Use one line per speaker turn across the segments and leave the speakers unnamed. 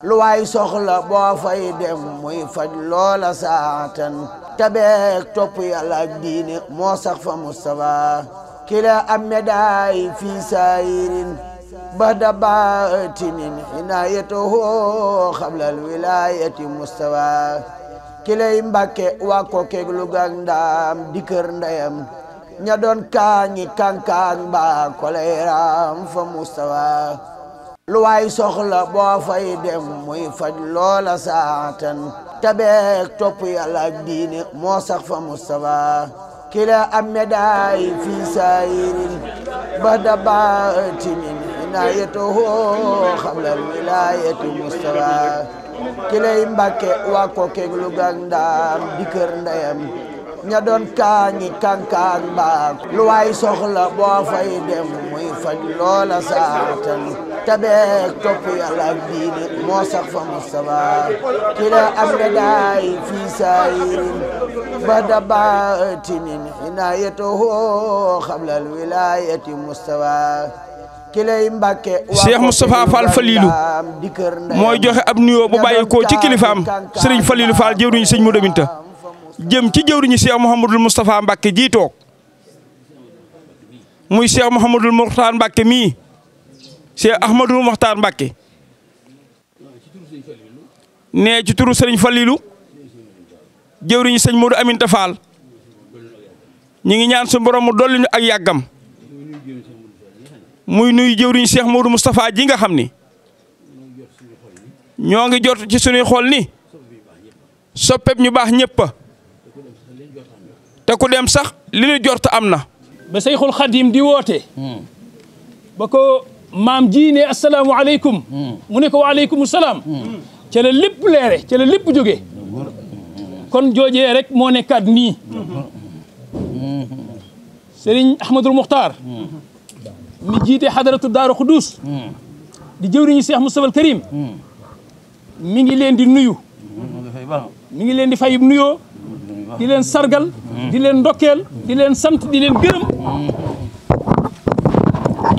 lu waay soxla boo fay dem muy faj loola saatan tabeek topp yàlla ak diine moo sax fa Mustafa kila am fi saayirin bada baatinin inaayatuhu xabla alwilaayati Mustafa kilay Mbàkke waa Kokkeeg Luga ak Ndaam di kër ndeyam ña doon kaañi kankaang ba koleeraam fa Mustafa lu waay soxla boo fay dem muy faj loola saatan tabeek topp yàlla ak diine moo sax fa Mustafa kila amedaay fi saayirin ba dabaatinin inaayatuhu xablal wilaayati Mustafa kilay Mbàkke waa Kokeeg Luga Ndaam di ndeyam ña doon kaañi kankaan mbaag lu waay soxla boo fay dem muy faj loola saatani tabeek topp yàlla ak moo sax fa Mustafa ki la am daay fii saayirin ba dabaatinin inaayatoo wilaayati Mustafa Cheikh Moustapha Fall Falilou mooy joxe ab nuyoo bu bàyyi ko ci kilifaam Serigne
Falilou Fall jëwriñ Serigne Modou Binta jëm ci jëwriñu Cheikh Mouhamadul Moustapha Mbacke jii toog muy Cheikh Mouhamadul Mokhtar Mbacke mii Cheikh Ahmadul Mokhtar Mbacke nee ci turu Serigne Fallilu jëwriñu sëñ Modou Aminta Fall ñu ngi ñaan suñu borom mu dolli ak yàggam muy nuyu jëwriñu Cheikh Modou Moustapha ji nga xam ni ñoo ngi jot ci suñuy xol ni soppeb ñu baax ñëpp
te ku dem sax li ñu jort am na. ba Seyxul Xadim di woote. ba ko maam ji ne asalaamualeykum. mu ne ko waaleykum salaam. ca la lépp leere ca la lépp jóge kon jooje rek moo ne nekkaat nii. Serigne Ahmadul Muxtaar. mi jiite xadaratu Daaru Xudus. di jëwriñu Seex Mustafal Karim. mi ngi leen di nuyu. mi ngi leen di fay nuyoo. di leen sargal. di leen ndokkeel di leen sant di leen gërëm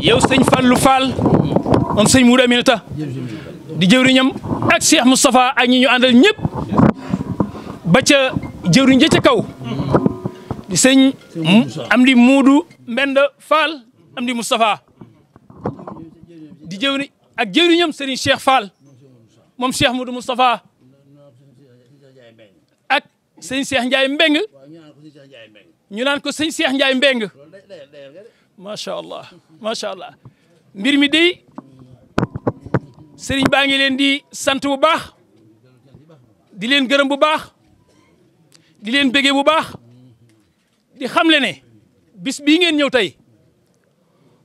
yow sëñ Fallou Fall am sëñ Mourou Aminata di jëwriñam ak Cheikh Moustapha ak ñi ñu àndal ñëpp ba ca jëwriñ ja kaw di sëñ am di Moudou Mbenda Fall am di Moustapha di jëwriñ ak jëwriñam sëriñ Cheikh Fall moom Cheikh Moudou Moustapha sëñ Cheikh Ndiaye Mbeng ñu naan ko sëñ Cheikh Ndiaye Mbeng macha allah macha allah mbir mi day sëriñ baa ngi leen di sant bu baax di leen gërëm bu baax di leen béggee bu baax di xamle ne bis bii ngeen ñëw tey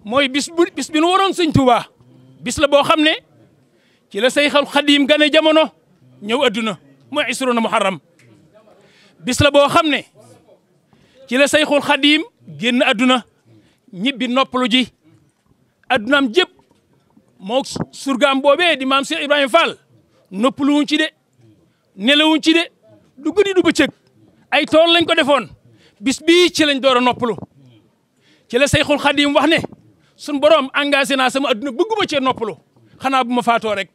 mooy bis bu bis bi nu waroon sëñ Tuubaa bis la boo xam ne ci la say xal xadiim gane jamono ñëw adduna mooy isrona muharram bis la boo xam ne ci la sayxul xadiim génn àdduna ñibbi noppalu ji addunaam jëpp moo surgaam boobee di maam Cheikh Ibrahima Fall noppaluwuñ ci de nelawuñ ci de du guddi du bëccëg ay tool lañ ko defoon bis bii ci lañ door a noppalu ci la sayxul xadiim wax ne sun borom engagé naa sama adduna bëgguma cee noppalu xanaa bu ma faatoo rek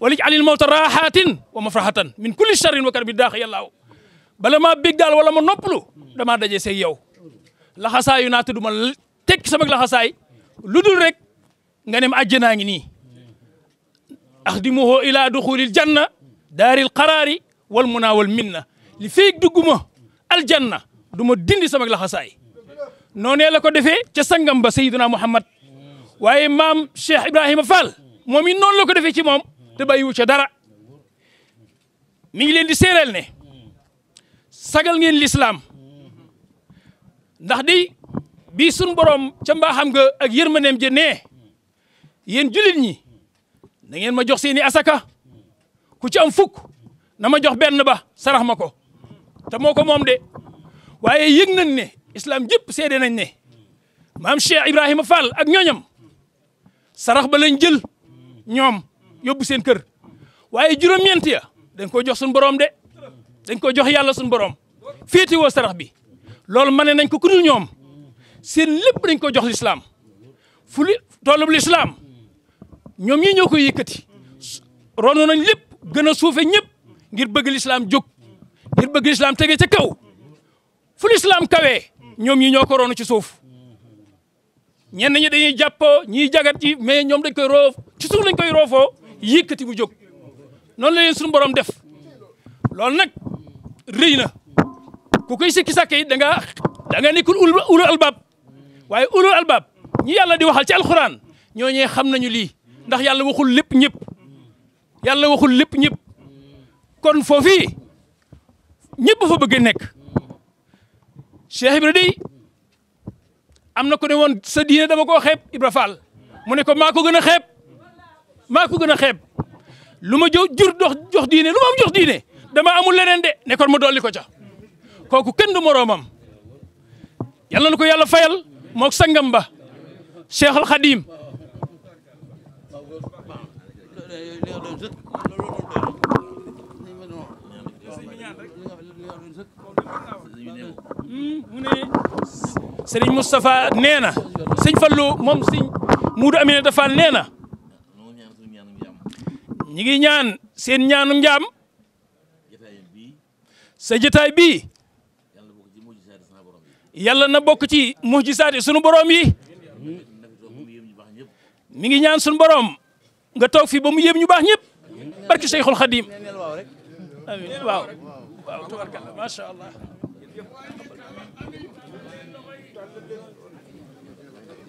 walij alil mawta raxaatin wa mafrahatan min kulli charrin wa kar bi daax yàllaaw bala maa bég daal wala ma noppalu damaa daje seeg yow laxasaayu naa ma tekki sama laxasaay lu dul rekk nga ne ma àjjanaa ngi nii axdimuhu ila duxulil janna daaril qaraari wal naa wal minna li feeg dugguma aljanna du ma dindi sama laxasaay noonee la ko defee ca sangam ba Seydina Muhammad waaye maam Cheikh Ibrahima Fall moom it noonu la ko defee ci moom te bàyyiwu ca dara mi ngi leen di séeral ne sagal ngeen lislaam ndax di bii suñ boroom ca mbaaxam nga ak yërmaneem je nee yéen jullit ñi na ma jox seeni asaka ku ci am fukk na ma jox benn ba sarax ma ko te moo ko moom de waaye yëg nañ ne islaam jëpp seede nañ ne maam Cheikh Ibrahima Fall ak ñooñam sarax ba lañ jël ñoom yóbbu seen kër waaye juróom-ñeent ya dañ ko jox suñu borom de dañ ko jox yàlla suñu borom féete woo sarax bi loolu mën nañ ko ku ñoom seen lépp dañ ko jox lislaam fu li lislaam ñoom ñi ñoo koy yëkkati rono nañ lépp gën a suufe ñëpp ngir bëgg lislaam jóg ngir bëgg lislaam tege ca kaw fu lislaam kawee ñoom ñi ñoo ko roonu ci suuf ñenn ñi dañuy jàppoo ñiy jagat yi mais ñoom dañ koy roof ci suuf lañ koy roofoo yëkkati mu jóg noonu la leen suñu borom def loolu nag rëy na ku koy sikki sàkk it da nga da nga nekkul ulul albaab waaye ulul albaab ñi yàlla di waxal ci alxuraan ñooñee xam nañu lii ndax yàlla waxul lépp ñëpp yàlla waxul lépp ñëpp kon foofii ñëpp fa bëgg nekk Cheikh Ibra dey am na ko ne woon sa diine dama koo xeeb Ibra Fall mu ne ko maa ko gën a xeeb maa ko gën a xeeb lu ma jo jur dox jox diine lu ma am jox diine dama amul leneen de nekkoon ma dolli ko ca kooku kenn du moroomam yal na ko yàlla fayal mook sangam ba Cheikh Al Khadim hmm, mu ne sëriñ Moustapha nee na sëñ Fallou moom sëñ Muudu Aminata Fall nee na ñaan seen ñaanu njaam sa bii yàlla na bokk ci mujjisaati sunu boroom yi mi ngi ñaan sunu borom nga toog fi ba mu yéem ñu baax ñëpp barki Cheikhul Khadim amiin waaw waaw